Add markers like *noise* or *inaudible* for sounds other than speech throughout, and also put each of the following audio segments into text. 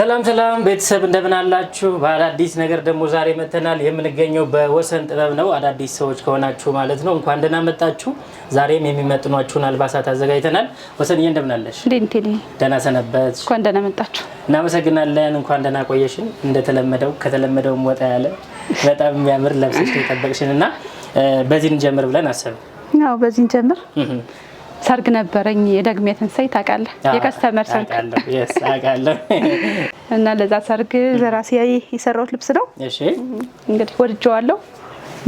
ሰላም ሰላም ቤተሰብ እንደምን አላችሁ? በአዳዲስ ነገር ደግሞ ዛሬ መተናል። የምንገኘው በወሰን ጥበብ ነው። አዳዲስ ሰዎች ከሆናችሁ ማለት ነው እንኳን ደህና መጣችሁ። ዛሬም የሚመጥኗችሁን አልባሳት አዘጋጅተናል። ወሰንዬ እንደምን አለሽ? ደህና ሰነበት። እንኳን ደህና መጣችሁ። እናመሰግናለን። እንኳን ደህና ቆየሽን። እንደተለመደው ከተለመደውም ወጣ ያለ በጣም የሚያምር ለብሰሽ የጠበቅሽን እና በዚህ እንጀምር ብለን አሰብን። በዚህ እንጀምር ሰርግ ነበረኝ የደግሜ ትንሳኤ ታውቃለህ? የከስተመር ሰርግ *laughs* እና ለዛ ሰርግ ለራሴ የሰራሁት ልብስ ነው። እንግዲህ ወድጀዋለሁ።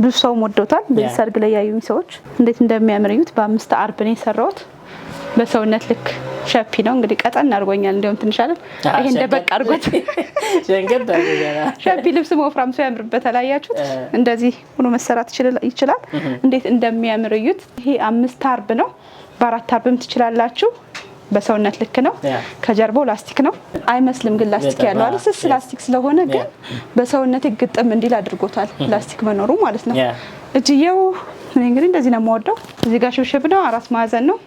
ብዙ ሰውም ወዶታል። በዚህ ሰርግ ላይ ያዩኝ ሰዎች እንዴት እንደሚያምርዩት በአምስት አርብ ነው የሰራሁት። በሰውነት ልክ ሸፒ ነው እንግዲህ ቀጠን አድርጎኛል። እንዲሁም ትንሽ አለ ይሄ እንደ አድርጎት *laughs* *laughs* ሸፒ ልብስ ወፍራም ሰው ያምርበታል። አያችሁት? እንደዚህ ሆኖ መሰራት ይችላል። እንዴት እንደሚያምር እዩት። ይሄ አምስት አርብ ነው በአራት አርብም ትችላላችሁ። በሰውነት ልክ ነው። ከጀርባው ላስቲክ ነው። አይመስልም ግን ላስቲክ ያለው አለ ስስ ላስቲክ ስለሆነ ግን በሰውነት ግጥም እንዲል አድርጎታል ላስቲክ መኖሩ ማለት ነው። እጅየው እኔ እንግዲህ እንደዚህ ነው የምወደው። እዚህ ጋር ሽብሽብ ነው። አራት ማዕዘን ነው።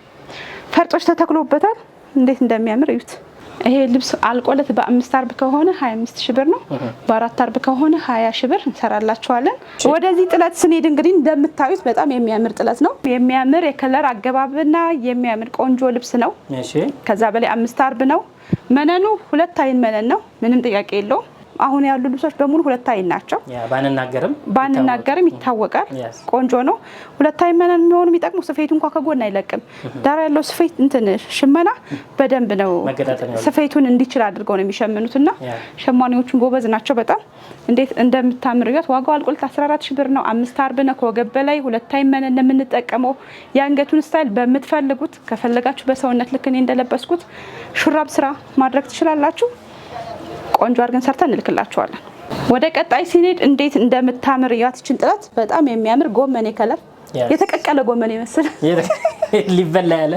ፈርጦች ተተክሎበታል። እንዴት እንደሚያምር እዩት። ይሄ ልብስ አልቆለት በአምስት አርብ ከሆነ 25 ሺህ ብር ነው። በአራት አርብ ከሆነ 20 ሺህ ብር እንሰራላችኋለን። ወደዚህ ጥለት ስንሄድ እንግዲህ እንደምታዩት በጣም የሚያምር ጥለት ነው። የሚያምር የከለር አገባብና የሚያምር ቆንጆ ልብስ ነው። ከዛ በላይ አምስት አርብ ነው። መነኑ ሁለት አይን መነን ነው። ምንም ጥያቄ የለውም። አሁን ያሉ ልብሶች በሙሉ ሁለት አይን ናቸው። ባንናገርም ባንናገርም ይታወቃል። ቆንጆ ነው። ሁለት አይን መነን የሚሆኑ የሚጠቅሙ ስፌቱ እንኳ ከጎን አይለቅም። ዳር ያለው ስፌት እንትን ሽመና በደንብ ነው ስፌቱን እንዲችል አድርገው ነው የሚሸምኑት እና ሸማኔዎቹን ጎበዝ ናቸው በጣም እንዴት እንደምታምር እዩት። ዋጋው አልቆልት 14 ብር ነው። አምስት አርብ ነው። ከወገብ በላይ ሁለት አይን መነን የምንጠቀመው የአንገቱን ስታይል በምትፈልጉት ከፈለጋችሁ በሰውነት ልክ እኔ እንደለበስኩት ሹራብ ስራ ማድረግ ትችላላችሁ። ቆንጆ አድርገን ሰርተን እንልክላቸዋለን። ወደ ቀጣይ ሲኔድ እንዴት እንደምታምር ያትችን ጥላት በጣም የሚያምር ጎመኔ ከለር የተቀቀለ ጎመን የመሰለ *laughs* ሊበላ ያለ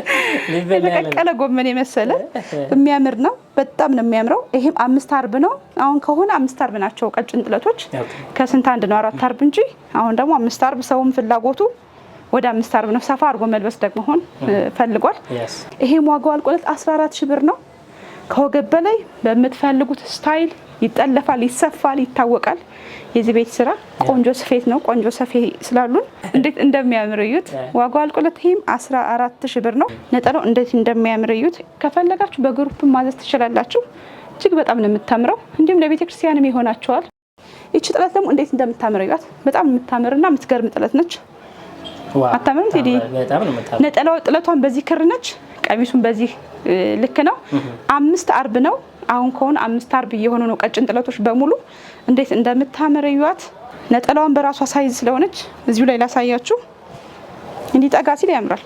የተቀቀለ ጎመን የመሰለ *laughs* የሚያምር ነው። በጣም ነው የሚያምረው። ይሄም አምስት አርብ ነው። አሁን ከሆነ አምስት አርብ ናቸው ቀጭን ጥለቶች። ከስንት አንድ ነው አራት አርብ እንጂ አሁን ደግሞ አምስት አርብ ሰውም ፍላጎቱ ወደ አምስት አርብ ነው። ሰፋ አርጎ መልበስ ደግሞ ሆን ፈልጓል። ይሄም ዋጋው አልቆለት 14 ሺ ብር ነው። ከወገብ በላይ በምትፈልጉት ስታይል ይጠለፋል፣ ይሰፋል፣ ይታወቃል። የዚህ ቤት ስራ ቆንጆ ስፌት ነው። ቆንጆ ሰፌ ስላሉን *laughs* እንዴት እንደሚያምርዩት እዩት። ዋጋው አልቆለት ይህም አስራ አራት ሺ ብር ነው። ነጠላው እንዴት እንደሚያምርዩት ከፈለጋችሁ በግሩፕ ማዘዝ ትችላላችሁ። እጅግ በጣም ነው የምታምረው። እንዲሁም ለቤተ ክርስቲያንም ይሆናቸዋል። ይቺ ጥለት ደግሞ እንዴት እንደምታምርዩት በጣም የምታምርና የምትገርም ጥለት ነች። አታምርም? ቴዲ ነጠላው ጥለቷን በዚህ ክር ነች ቀሚሱን በዚህ ልክ ነው። አምስት አርብ ነው አሁን ከሆነ አምስት አርብ እየሆኑ ነው። ቀጭን ጥለቶች በሙሉ እንዴት እንደምታምር እዩዋት። ነጠላዋን በራሷ ሳይዝ ስለሆነች እዚሁ ላይ ላሳያችሁ። እንዲህ ጠጋ ሲል ያምራል።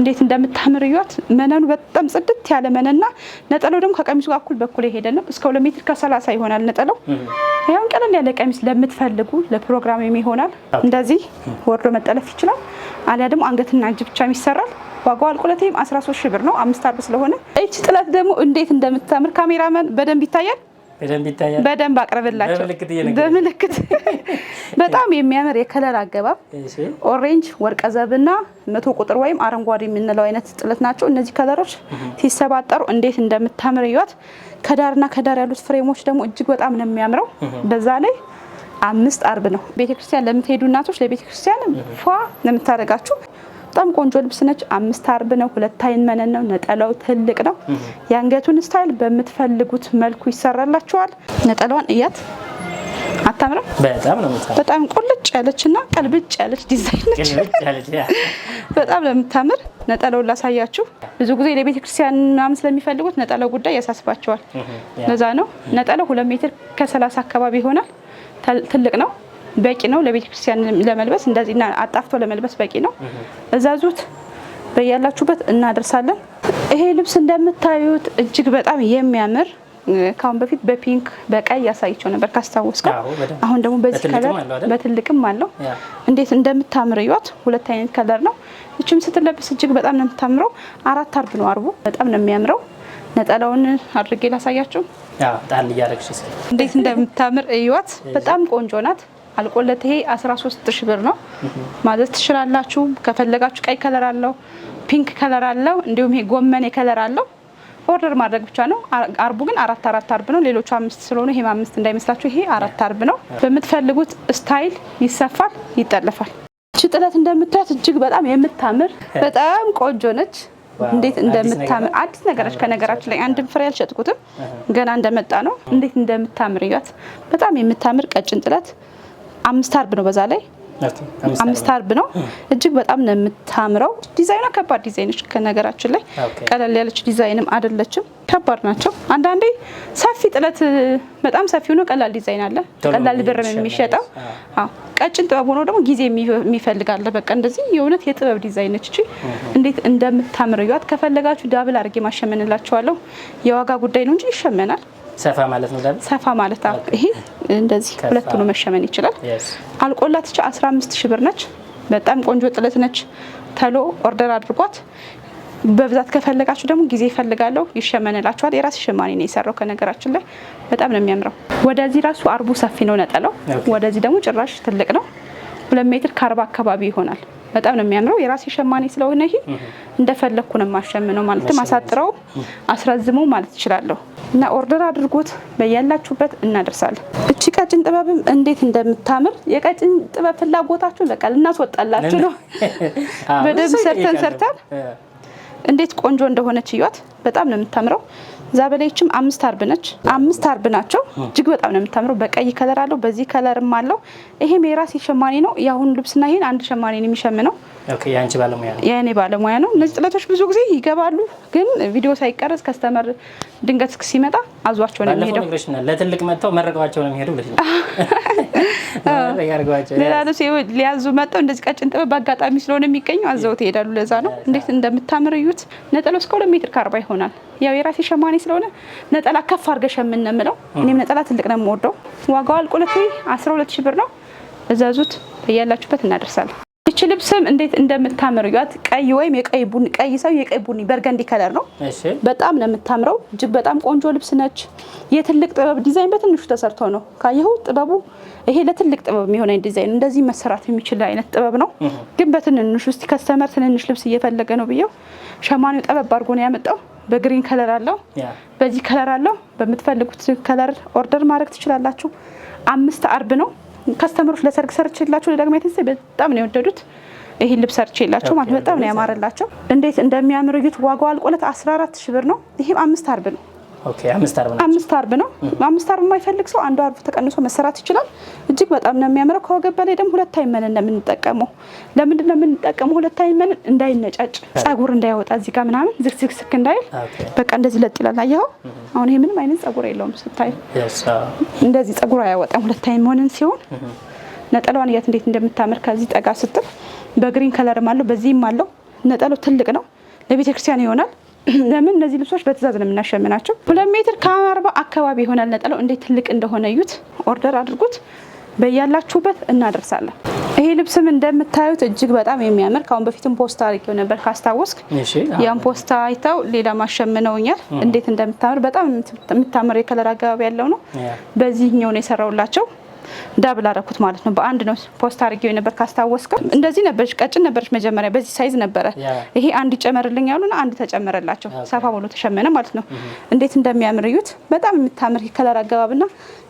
እንዴት እንደምታምር እዩዋት። መነኑ በጣም ጽድት ያለ መነና ነጠላው ደግሞ ከቀሚሱ ጋር እኩል በኩል የሄደ ነው። እስከ ሁለት ሜትር ከሰላሳ ይሆናል ነጠላው። ያውን ቀለል ያለ ቀሚስ ለምትፈልጉ ለፕሮግራም ይሆናል። እንደዚህ ወርዶ መጠለፍ ይችላል። አሊያ ደግሞ አንገትና እጅ ብቻም ይሰራል። ዋጋው አልቆለቴም 13 ሺህ ብር ነው። አምስት አርብ ስለሆነ እች ጥለት ደግሞ እንዴት እንደምታምር ካሜራመን በደንብ ይታያል በደንብ አቅርብላቸው በምልክት *laughs* በጣም የሚያምር የከለር አገባብ ኦሬንጅ ዘብና መቶ ቁጥር ወይም አረንጓዴ የምንለው አይነት ጥለት ናቸው። እነዚህ ከለሮች ሲሰባጠሩ እንዴት እንደምታምር እዩት። ከዳርና ከዳር ያሉት ፍሬሞች ደግሞ እጅግ በጣም ነው የሚያምረው። በዛ ላይ አምስት አርብ ነው። ቤተክርስቲያን ለምትሄዱ እናቶች ለቤተክርስቲያን ፏ ለምታደርጋችሁ በጣም ቆንጆ ልብስ ነች። አምስት አርብ ነው። ሁለት አይን መነን ነው። ነጠላው ትልቅ ነው። የአንገቱን ስታይል በምትፈልጉት መልኩ ይሰራላችኋል። ነጠላዋን እያት አታምረም? በጣም ቁልጭ ያለች እና ቀልብጭ ያለች ዲዛይን ነች። በጣም ለምታምር ነጠላውን ላሳያችሁ። ብዙ ጊዜ ለቤተ ክርስቲያን ምናምን ስለሚፈልጉት ነጠላው ጉዳይ ያሳስባቸዋል። ለዛ ነው ነጠላው ሁለት ሜትር ከሰላሳ አካባቢ ይሆናል። ትልቅ ነው። በቂ ነው። ለቤተ ክርስቲያን ለመልበስ እንደዚህ አጣፍቶ ለመልበስ በቂ ነው። እዛዙት በያላችሁበት እናደርሳለን። ይሄ ልብስ እንደምታዩት እጅግ በጣም የሚያምር ከአሁን በፊት በፒንክ በቀይ ያሳይቸው ነበር ካስታወስከ። አሁን ደግሞ በዚህ ከለር በትልቅም አለው። እንዴት እንደምታምር እዩት። ሁለት አይነት ከለር ነው። እችም ስትለብስ እጅግ በጣም ነው የምታምረው። አራት አርብ ነው አርቡ። በጣም ነው የሚያምረው። ነጠላውን አድርጌ ላሳያችሁ። እንዴት እንደምታምር እዩት። በጣም ቆንጆ ናት። አልቆለት ይሄ 13 ሺህ ብር ነው። ማዘዝ ትችላላችሁ ከፈለጋችሁ። ቀይ ከለር አለው፣ ፒንክ ከለር አለው፣ እንዲሁም ይሄ ጎመኔ ከለር አለው። ኦርደር ማድረግ ብቻ ነው። አርቡ ግን አራት አራት አርብ ነው። ሌሎቹ አምስት ስለሆኑ ይሄም አምስት እንዳይመስላችሁ፣ ይሄ አራት አርብ ነው። በምትፈልጉት ስታይል ይሰፋል፣ ይጠለፋል። እቺ ጥለት እንደምታዩት እጅግ በጣም የምታምር በጣም ቆንጆ ነች። እንዴት እንደምታምር አዲስ ነገራች። ከነገራችን ላይ አንድም ፍሬ አልሸጥኩትም ገና እንደመጣ ነው። እንዴት እንደምታምር እያት። በጣም የምታምር ቀጭን ጥለት አምስት አርብ ነው በዛ ላይ አምስት አርብ ነው። እጅግ በጣም ነው የምታምረው። ዲዛይኗ ከባድ ዲዛይን ነች። ከነገራችን ላይ ቀለል ያለች ዲዛይንም አይደለችም። ከባድ ናቸው። አንዳንዴ ሰፊ ጥለት በጣም ሰፊ ሆኖ ቀላል ዲዛይን አለ። ቀላል ብር ነው የሚሸጠው። ቀጭን ጥበብ ሆኖ ደግሞ ጊዜ የሚፈልጋለ። በቃ እንደዚህ የእውነት የጥበብ ዲዛይን ነች። እቺ እንዴት እንደምታምር እዩዋት። ከፈለጋችሁ ዳብል አድርጌ ማሸመንላችኋለሁ። የዋጋ ጉዳይ ነው እንጂ ይሸመናል። ሰፋ ማለት ነው። ሰፋ ማለት ይሄ እንደዚህ ሁለት ሆኖ መሸመን ይችላል። አልቆላት ቻ 15 ሺህ ብር ነች። በጣም ቆንጆ ጥለት ነች። ተሎ ኦርደር አድርጓት። በብዛት ከፈለጋችሁ ደግሞ ጊዜ ይፈልጋለሁ ይሸመንላችኋል። የራሴ ሸማኔ ነው የሰራው። ከነገራችን ላይ በጣም ነው የሚያምረው። ወደዚህ ራሱ አርቡ ሰፊ ነው ነጠለው። ወደዚህ ደግሞ ጭራሽ ትልቅ ነው። ሁለት ሜትር ከአርባ አካባቢ ይሆናል። በጣም ነው የሚያምረው። የራሴ ሸማኔ ስለሆነ ይሄ እንደፈለግኩ ነው የማሸምነው። ማለትም አሳጥረው አስረዝመው ማለት እችላለሁ። እና ኦርደር አድርጎት በያላችሁበት እናደርሳለን። እቺ ቀጭን ጥበብም እንዴት እንደምታምር የቀጭን ጥበብ ፍላጎታችሁን በቃ ልናስወጣላችሁ ነው። በደንብ ሰርተን ሰርተን እንዴት ቆንጆ እንደሆነች እዩዋት። በጣም ነው የምታምረው። ዛበላይችም አምስት አርብ ነች። አምስት አርብ ናቸው። እጅግ በጣም ነው የምታምረው። በቀይ ከለር አለው፣ በዚህ ከለርም አለው። ይሄም የራሴ ሸማኔ ነው። የአሁኑ ልብስና ይሄን አንድ ሸማኔ ነው የሚሸምነው። የእኔ ባለሙያ ነው። እነዚህ ጥለቶች ብዙ ጊዜ ይገባሉ፣ ግን ቪዲዮ ሳይቀረጽ ከስተመር ድንገት ሲመጣ አዟቸው ነው የሚሄደው። ለትልቅ መጥተው መረቀዋቸው ነው የሚሄዱ ሌላ ልብስ ሊያዙ መጠው እንደዚህ ቀጭን ጥበብ በአጋጣሚ ስለሆነ የሚገኙ አዘውት ይሄዳሉ። ለዛ ነው እንዴት እንደምታምር እዩ። እንደምታዩት ነጠላው እስከ ሁለት ሜትር ከአርባ ይሆናል። ያው የራሴ ሸማኔ ስለሆነ ነጠላ ከፍ አድርገ የምንምለው እኔም ነጠላ ትልቅ ነው የምወደው። ዋጋው አልቆለት 12 ሺህ ብር ነው። እዘዙት። በያላችሁበት እናደርሳለን። እች ልብስም እንዴት እንደምታምር እዩት። ቀይ ወይም የቀይ ቡኒ ቀይ ሰው የቀይ ቡኒ በርገንዲ ከለር ነው። በጣም ነው የምታምረው። እጅግ በጣም ቆንጆ ልብስ ነች። የትልቅ ጥበብ ዲዛይን በትንሹ ተሰርቶ ነው ካየሁ ጥበቡ። ይሄ ለትልቅ ጥበብ የሚሆነ ዲዛይን እንደዚህ መሰራት የሚችል አይነት ጥበብ ነው። ግን በትንንሹ እስቲ ከስተመር ትንንሽ ልብስ እየፈለገ ነው ብየው ሸማኔው ጠበብ አድርጎ ነው ያመጣው። በግሪን ከለር አለው፣ በዚህ ከለር አለው። በምትፈልጉት ከለር ኦርደር ማድረግ ትችላላችሁ። አምስት አርብ ነው ከስተምሮች ለሰርግ ሰርቼላቸው ለዳግማዊ ትንሳኤ በጣም ነው የወደዱት። ይሄን ልብስ ሰርቼላቸው ማለት በጣም ነው ያማረላቸው። እንዴት እንደሚያምር እዩት። ዋጋው አልቆለት 14 ሺህ ብር ነው። ይሄም አምስት አርብ ነው አምስት አርብ ነው። አምስት አርብ የማይፈልግ ሰው አንዱ አርብ ተቀንሶ መሰራት ይችላል። እጅግ በጣም ነው የሚያምረው። ከወገብ በላይ ደግሞ ሁለት አይመንን ነው የምንጠቀመው። ለምንድን ነው የምንጠቀመው? ሁለት አይመንን እንዳይነጫጭ፣ ጸጉር እንዳይወጣ እዚህ ጋር ምናምን ዝግዝግስክ እንዳይል፣ በቃ እንደዚህ ለጥ ይላል። አየኸው? አሁን ይሄ ምንም አይነት ጸጉር የለውም። ስታይ እንደዚህ ጸጉር አያወጣም። ሁለት አይመንን ሲሆን ነጠላዋን እያት እንዴት እንደምታምር ከዚህ ጠጋ ስትል፣ በግሪን ከለርም አለው በዚህም አለው። ነጠላው ትልቅ ነው። ለቤተክርስቲያን ይሆናል ለምን እነዚህ ልብሶች በትእዛዝ ነው የምናሸምናቸው። ሁለት ሜትር ከአርባ አካባቢ ይሆናል ነጠለው። እንዴት ትልቅ እንደሆነ እዩት። ኦርደር አድርጉት፣ በያላችሁበት እናደርሳለን። ይሄ ልብስም እንደምታዩት እጅግ በጣም የሚያምር ከአሁን በፊትም ፖስታ አድርጌው ነበር ካስታወስክ፣ ያን ፖስታ አይተው ሌላ ማሸምነውኛል። እንዴት እንደምታምር በጣም የምታምር የከለር አገባብ ያለው ነው። በዚህኛው ነው የሰራውላቸው ዳብል አረኩት ማለት ነው። በአንድ ነው ፖስት አድርጌው የነበር ካስታወስከው፣ እንደዚህ ነበረች፣ ቀጭን ነበረች መጀመሪያ፣ በዚህ ሳይዝ ነበረ። ይሄ አንድ ይጨመርልኝ ያሉና አንድ ተጨመረላቸው፣ ሰፋ ብሎ ተሸመነ ማለት ነው። እንዴት እንደሚያምር እዩት። በጣም የምታምር ከለር አገባብና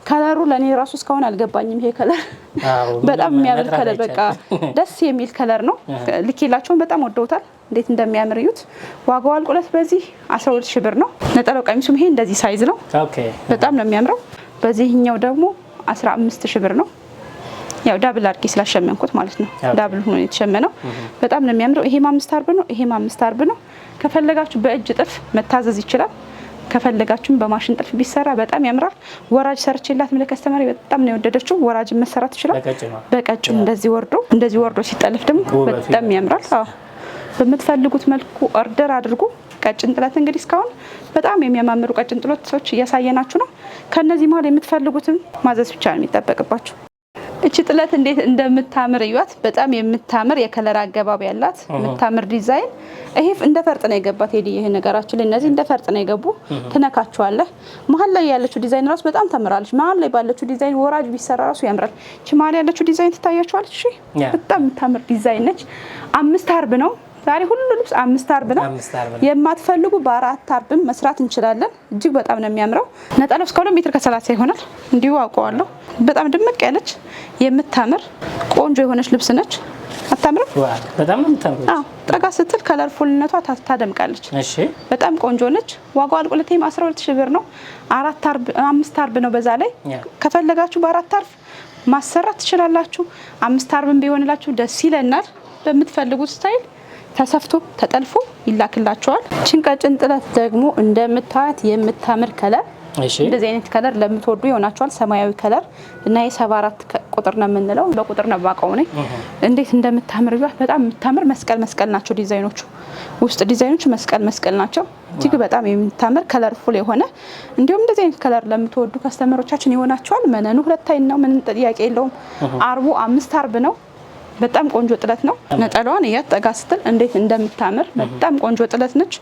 ከለሩ ለእኔ ራሱ እስካሁን አልገባኝም። ይሄ ከለር *laughs* በጣም የሚያምር ከለር፣ በቃ ደስ የሚል ከለር ነው። ልኬላቸውን በጣም ወደውታል። እንዴት እንደሚያምር እዩት። ዋጋው አልቁለት በዚህ 12 ሺህ ብር ነው። ነጠለው ቀሚሱም ይሄ እንደዚህ ሳይዝ ነው። በጣም ነው የሚያምረው። በዚህኛው ደግሞ አምስት ሺ ብር ነው። ያው ዳብል አድርጌ ስላሸመንኩት ማለት ነው። ዳብል ሆኖ የተሸመነው በጣም ነው የሚያምረው። ይሄም አምስት አርብ ነው፣ ይሄም አምስት አርብ ነው። ከፈለጋችሁ በእጅ ጥልፍ መታዘዝ ይችላል። ከፈለጋችሁም በማሽን ጥልፍ ቢሰራ በጣም ያምራል። ወራጅ ሰርችላት ምለ ከስተመሪ በጣም ነው የወደደችው። ወራጅ መሰራት ይችላል። በቀጭም እንደዚህ ወርዶ እንደዚህ ወርዶ ሲጠልፍ ደግሞ በጣም ያምራል። በምትፈልጉት መልኩ ኦርደር አድርጉ። ቀጭን ጥለት እንግዲህ እስካሁን በጣም የሚያማምሩ ቀጭን ጥለቶች እያሳየናችሁ ነው። ከእነዚህ መሀል የምትፈልጉትም ማዘዝ ብቻ ነው የሚጠበቅባችሁ። እቺ ጥለት እንዴት እንደምታምር እዩት። በጣም የምታምር የከለር አገባብ ያላት የምታምር ዲዛይን። ይሄ እንደ ፈርጥ ነው የገባት ሄድ። ይህ ነገራችን ላይ እነዚህ እንደ ፈርጥ ነው የገቡ። ትነካችኋለህ። መሀል ላይ ያለችው ዲዛይን ራሱ በጣም ተምራለች። መሀል ላይ ባለችው ዲዛይን ወራጅ ቢሰራ ራሱ ያምራል። ቺ መሀል ያለችው ዲዛይን ትታያችኋለች። በጣም የምታምር ዲዛይን ነች። አምስት አርብ ነው ዛሬ ሁሉ ልብስ አምስት አርብ ነው። የማትፈልጉ በአራት አርብም መስራት እንችላለን። እጅግ በጣም ነው የሚያምረው። ነጠላ እስከ ሜትር ከሰላሳ ይሆናል። እንዲሁ አውቀዋለሁ። በጣም ድምቅ ያለች የምታምር ቆንጆ የሆነች ልብስ ነች። አታምርም? በጣም ነው የምታምረው። ጠጋ ስትል ፉልነቷ ታደምቃለች። በጣም ቆንጆ ነች። ዋጋው አልቆለቴም 12 ሺህ ብር ነው። አራት አርብ አምስት አርብ ነው። በዛ ላይ ከፈለጋችሁ በአራት አርፍ ማሰራት ትችላላችሁ። አምስት አርብም ቢሆንላችሁ ደስ ይለናል። በምትፈልጉት ስታይል ተሰፍቶ ተጠልፎ ይላክላቸዋል። ችንቀጭን ጥለት ደግሞ እንደምታያት የምታምር ከለር እንደዚህ አይነት ከለር ለምትወዱ ይሆናቸዋል። ሰማያዊ ከለር እና የሰባ አራት ቁጥር ነው የምንለው። በቁጥር ነው ባቀው ነኝ። እንዴት እንደምታምር ቢዋት በጣም የምታምር መስቀል መስቀል ናቸው ዲዛይኖቹ። ውስጥ ዲዛይኖቹ መስቀል መስቀል ናቸው። እጅግ በጣም የምታምር ፉል የሆነ እንዲሁም እንደዚህ አይነት ከለር ለምትወዱ ከስተመሮቻችን ይሆናቸዋል። መነኑ ሁለት አይን ነው፣ ምንም ጥያቄ የለውም። አርቡ አምስት አርብ ነው በጣም ቆንጆ ጥለት ነው። ነጠላዋን እያት ጠጋ ስትል እንዴት እንደምታምር በጣም ቆንጆ ጥለት ነች።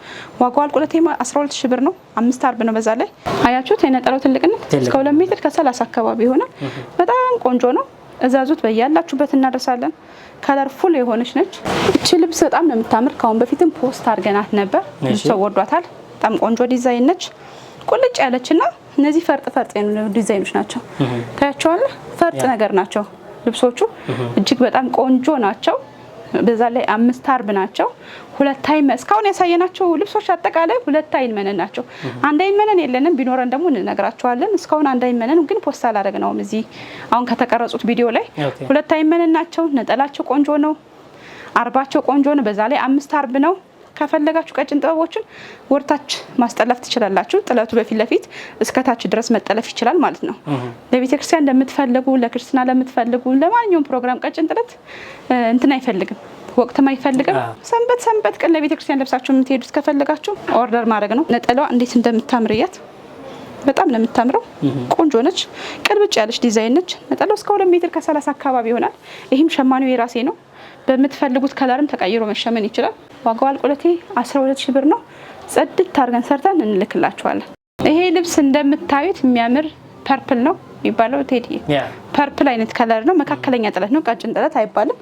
ዋጋዋ አልቁለቴ 12 ሺ ብር ነው። አምስት አርብ ነው። በዛ ላይ አያችሁት የነጠላው ትልቅነት እስከ 2 ሜትር ከ30 አካባቢ ይሆናል። በጣም ቆንጆ ነው። እዛዙት በያላችሁበት እናደርሳለን። ፉል የሆነች ነች። እቺ ልብስ በጣም ነው የምታምር። ከአሁን በፊትም ፖስት አድርገናት ነበር፣ ሰው ወዷታል። በጣም ቆንጆ ዲዛይን ነች፣ ቁልጭ ያለች ና እነዚህ ፈርጥ ፈርጥ ዲዛይኖች ናቸው። ታያቸዋለ ፈርጥ ነገር ናቸው። ልብሶቹ እጅግ በጣም ቆንጆ ናቸው። በዛ ላይ አምስት አርብ ናቸው። ሁለት አይን እስካሁን ያሳየናቸው ልብሶች አጠቃላይ ሁለት አይን መነን ናቸው። አንድ አይን መነን የለንም፣ ቢኖረን ደግሞ እንነግራቸዋለን። እስካሁን አንድ አይን መነን ግን ፖስት ነውም። እዚህ አሁን ከተቀረጹት ቪዲዮ ላይ ሁለት አይን መነን ናቸው። ነጠላቸው ቆንጆ ነው። አርባቸው ቆንጆ ነው። በዛ ላይ አምስት አርብ ነው። ከፈለጋችሁ ቀጭን ጥበቦችን ወርታች ማስጠለፍ ትችላላችሁ። ጥለቱ በፊት ለፊት እስከታች ድረስ መጠለፍ ይችላል ማለት ነው። ለቤተክርስቲያን ለምትፈልጉ፣ ለክርስትና ለምትፈልጉ፣ ለማንኛውም ፕሮግራም ቀጭን ጥለት እንትን አይፈልግም፣ ወቅትም አይፈልግም። ሰንበት ሰንበት ቀን ለቤተክርስቲያን ለብሳችሁ የምትሄዱት ከፈለጋችሁ ኦርደር ማድረግ ነው። ነጠላዋ እንዴት እያት በጣም ነው የምታምረው። ቆንጆ ነች። ቅልብጭ ያለች ዲዛይን ነች። ነጠላው እስከ ሁለት ሜትር ከሰላሳ አካባቢ ይሆናል። ይህም ሸማኔው የራሴ ነው። በምትፈልጉት ከለርም ተቀይሮ መሸመን ይችላል። ዋጋው አልቆለቴ 12 ሺ ብር ነው። ጽድት አድርገን ሰርተን እንልክላችኋለን። ይሄ ልብስ እንደምታዩት የሚያምር ፐርፕል ነው የሚባለው ቴዲ ፐርፕል አይነት ከለር ነው። መካከለኛ ጥለት ነው፣ ቀጭን ጥለት አይባልም።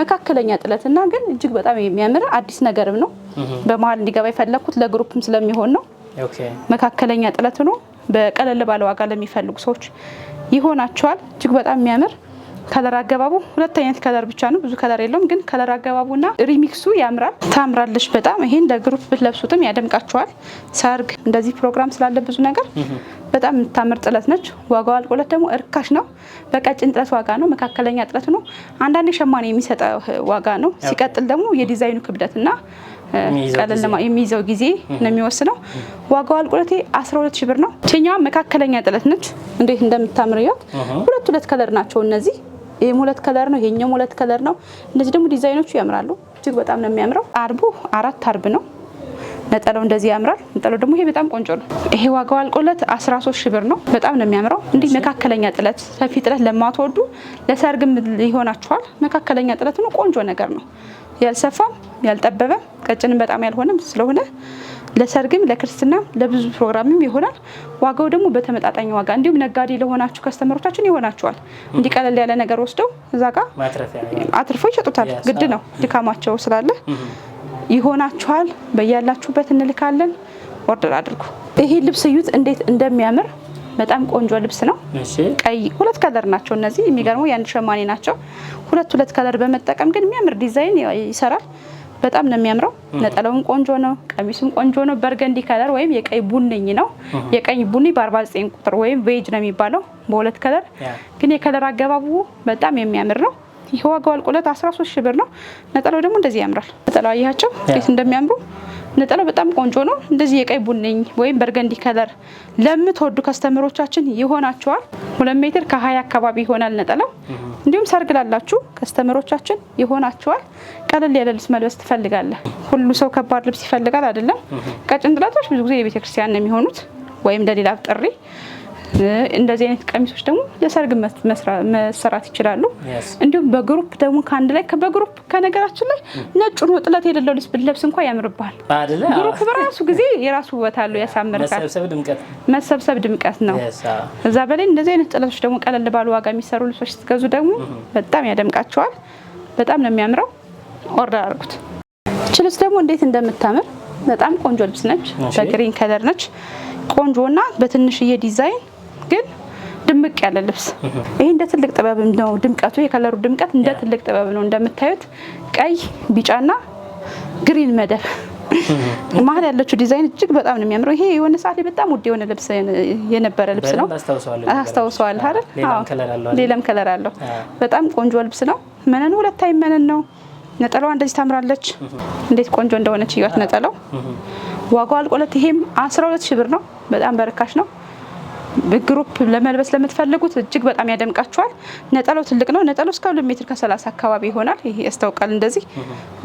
መካከለኛ ጥለት እና ግን እጅግ በጣም የሚያምር አዲስ ነገርም ነው። በመሀል እንዲገባ የፈለግኩት ለግሩፕም ስለሚሆን ነው። መካከለኛ ጥለት ሆኖ በቀለል ባለ ዋጋ ለሚፈልጉ ሰዎች ይሆናቸዋል። እጅግ በጣም የሚያምር ከለር አገባቡ ሁለት አይነት ከለር ብቻ ነው፣ ብዙ ከለር የለውም። ግን ከለር አገባቡና ሪሚክሱ ያምራል። ታምራለች በጣም ይሄን ለግሩፕ ብትለብሱትም ያደምቃቸዋል። ሰርግ እንደዚህ ፕሮግራም ስላለ ብዙ ነገር በጣም የምታምር ጥለት ነች። ዋጋው አልቆለት ደግሞ እርካሽ ነው። በቀጭን ጥለት ዋጋ ነው፣ መካከለኛ ጥለት ነው፣ አንዳንዴ ሸማኔ የሚሰጠው ዋጋ ነው። ሲቀጥል ደግሞ የዲዛይኑ ክብደት እና ቀለል የሚይዘው ጊዜ ነው የሚወስነው። ዋጋው አልቆለቴ 12 ሺ ብር ነው። ቸኛዋ መካከለኛ ጥለት ነች። እንዴት እንደምታምር ያት ሁለት ሁለት ከለር ናቸው እነዚህ ይህም ሁለት ከለር ነው፣ ይሄኛው ሁለት ከለር ነው። እነዚህ ደግሞ ዲዛይኖቹ ያምራሉ። እጅግ በጣም ነው የሚያምረው። አርቡ አራት አርብ ነው። ነጠለው እንደዚህ ያምራል። ነጠለው ደግሞ ይሄ በጣም ቆንጆ ነው። ይሄ ዋጋው አልቆለት 13 ሺህ ብር ነው። በጣም ነው የሚያምረው። እንዲህ መካከለኛ ጥለት፣ ሰፊ ጥለት ለማትወዱ ለሰርግም ይሆናችኋል። መካከለኛ ጥለት ነው። ቆንጆ ነገር ነው። ያልሰፋም ያልጠበበም ቀጭንም በጣም ያልሆነም ስለሆነ ለሰርግም ለክርስትናም ለብዙ ፕሮግራምም ይሆናል። ዋጋው ደግሞ በተመጣጣኝ ዋጋ እንዲሁም ነጋዴ ለሆናችሁ ከስተመሮቻችን ይሆናችኋል። እንዲህ ቀለል ያለ ነገር ወስደው እዛ ጋ አትርፎ ይሸጡታል። ግድ ነው፣ ድካማቸው ስላለ ይሆናችኋል። በያላችሁበት እንልካለን። ኦርደር አድርጉ። ይሄ ልብስ እዩት እንዴት እንደሚያምር በጣም ቆንጆ ልብስ ነው። ቀይ ሁለት ከለር ናቸው እነዚህ። የሚገርመው የአንድ ሸማኔ ናቸው። ሁለት ሁለት ከለር በመጠቀም ግን የሚያምር ዲዛይን ይሰራል። በጣም ነው የሚያምረው። ነጠላውም ቆንጆ ነው፣ ቀሚሱም ቆንጆ ነው። በርገንዲ ከለር ወይም የቀይ ቡኒ ነው። የቀይ ቡኒ በ49 ቁጥር ወይም ቬጅ ነው የሚባለው በሁለት ከለር። ግን የከለር አገባቡ በጣም የሚያምር ነው። ይህ ዋጋው አልቆለት 13 ሺ ብር ነው። ነጠላው ደግሞ እንደዚህ ያምራል። ነጠላው አያቸው እንዴት እንደሚያምሩ ነጠላው በጣም ቆንጆ ነው። እንደዚህ የቀይ ቡንኝ ወይም በርገንዲ ከለር ለምትወዱ ከስተምሮቻችን ይሆናቸዋል። ሁለት ሜትር ከሀያ አካባቢ ይሆናል ነጠላው። እንዲሁም ሰርግ ላላችሁ ከስተምሮቻችን ይሆናቸዋል። ቀለል ያለ ልብስ መልበስ ትፈልጋለህ። ሁሉ ሰው ከባድ ልብስ ይፈልጋል አይደለም። ቀጭን ጥለቶች ብዙ ጊዜ የቤተክርስቲያን ነው የሚሆኑት ወይም ለሌላ ጥሪ እንደዚህ አይነት ቀሚሶች ደግሞ ለሰርግ መሰራት ይችላሉ። እንዲሁም በግሩፕ ደግሞ ከአንድ ላይ በግሩፕ ከነገራችን ላይ ነጩን ጥለት የሌለው ልብስ ብለብስ እንኳ ያምርብሃል። ግሩፕ በራሱ ጊዜ የራሱ ውበት አለው፣ ያሳምርካል። መሰብሰብ ድምቀት ነው። እዛ በላይ እንደዚህ አይነት ጥለቶች ደግሞ ቀለል ባሉ ዋጋ የሚሰሩ ልብሶች ስትገዙ ደግሞ በጣም ያደምቃቸዋል። በጣም ነው የሚያምረው። ኦርደር አድርጉት። ችልስ ደግሞ እንዴት እንደምታምር በጣም ቆንጆ ልብስ ነች። በግሪን ከለር ነች። ቆንጆ በትንሽዬ ዲዛይን ግን ድምቅ ያለ ልብስ ይሄ እንደ ትልቅ ጥበብ ነው ድምቀቱ። የከለሩ ድምቀት እንደ ትልቅ ጥበብ ነው። እንደምታዩት ቀይ ቢጫና ግሪን መደብ *laughs* መሀል ያለችው ዲዛይን እጅግ በጣም ነው የሚያምረው። ይሄ የሆነ ሰዓት ላይ በጣም ውድ የሆነ ልብስ የነበረ ልብስ ነው። አስታውሰዋል አይደል? ሌላም ከለር አለው። በጣም ቆንጆ ልብስ ነው። መነኑ ሁለት አይ መነን ነው። ነጠላዋ እንደዚህ ታምራለች። እንዴት ቆንጆ እንደሆነች እያት ነጠላው። ዋጋው አልቆለት ይሄም 12 ሺ ብር ነው። በጣም በርካሽ ነው። ግሩፕ ለመልበስ ለምትፈልጉት እጅግ በጣም ያደምቃችኋል። ነጠላው ትልቅ ነው። ነጠላው እስከ ሁለት ሜትር ከሰላሳ አካባቢ ይሆናል። ይሄ ያስታውቃል። እንደዚህ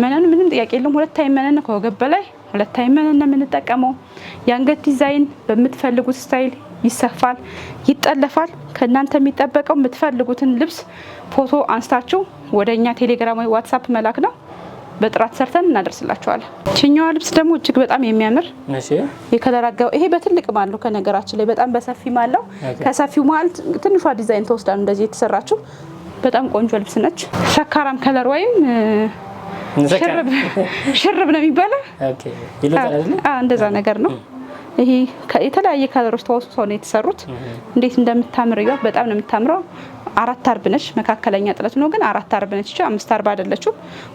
መነኑ ምንም ጥያቄ የለውም። ሁለት አይ መነን ከወገብ በላይ ሁለት አይ መነን የምንጠቀመው። የአንገት ዲዛይን በምትፈልጉት ስታይል ይሰፋል፣ ይጠለፋል። ከእናንተ የሚጠበቀው የምትፈልጉትን ልብስ ፎቶ አንስታችሁ ወደ እኛ ቴሌግራም ወይ ዋትሳፕ መላክ ነው። በጥራት ሰርተን እናደርስላቸዋለን። ችኛዋ ልብስ ደግሞ እጅግ በጣም የሚያምር የከለራገው ይሄ በትልቅ ማለው ከነገራችን ላይ በጣም በሰፊ ማለው ከሰፊው መሀል ትንሿ ዲዛይን ተወስዳ እንደዚህ የተሰራችው በጣም ቆንጆ ልብስ ነች። ሸካራም ከለር ወይም ሽርብ ነው የሚባለው እንደዛ ነገር ነው። ይሄ የተለያየ ከለሮች ተወስሶ ነው የተሰሩት። እንዴት እንደምታምር እያት። በጣም ነው የምታምረው። አራት አርብ ነች፣ መካከለኛ ጥለት ነው ግን አራት አርብ ነች እ አምስት አርብ አይደለችም።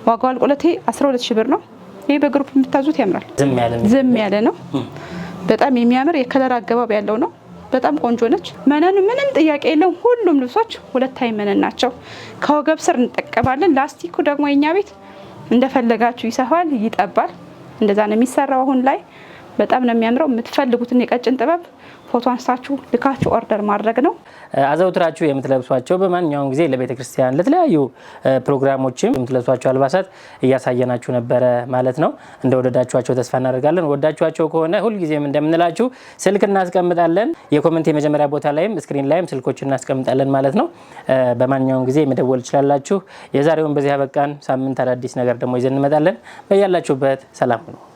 ዋጋው አልቆለት 12 ሺህ ብር ነው። ይሄ በግሩፕ የምታዙት ያምራል። ዝም ያለ ነው። በጣም የሚያምር የከለር አገባብ ያለው ነው። በጣም ቆንጆ ነች። መነኑ ምንም ጥያቄ የለውም። ሁሉም ልብሶች አይ መነን ናቸው። ከወገብ ስር እንጠቀማለን። ላስቲኩ ደግሞ የኛ ቤት እንደፈለጋችሁ ይሰፋል፣ ይጠባል። እንደዛ ነው የሚሰራው አሁን ላይ በጣም ነው የሚያምረው። የምትፈልጉትን የቀጭን ጥበብ ፎቶ አንስታችሁ ልካችሁ ኦርደር ማድረግ ነው። አዘውትራችሁ የምትለብሷቸው በማንኛውም ጊዜ ለቤተ ክርስቲያን ለተለያዩ ፕሮግራሞችም የምትለብሷቸው አልባሳት እያሳየናችሁ ነበረ ማለት ነው። እንደወደዳችኋቸው ተስፋ እናደርጋለን። ወዳችኋቸው ከሆነ ሁልጊዜም እንደምንላችሁ ስልክ እናስቀምጣለን። የኮመንት የመጀመሪያ ቦታ ላይም ስክሪን ላይም ስልኮች እናስቀምጣለን ማለት ነው። በማንኛውም ጊዜ መደወል ይችላላችሁ። የዛሬውን በዚህ አበቃን። ሳምንት አዳዲስ ነገር ደግሞ ይዘን እንመጣለን። በያላችሁበት ሰላም ነው።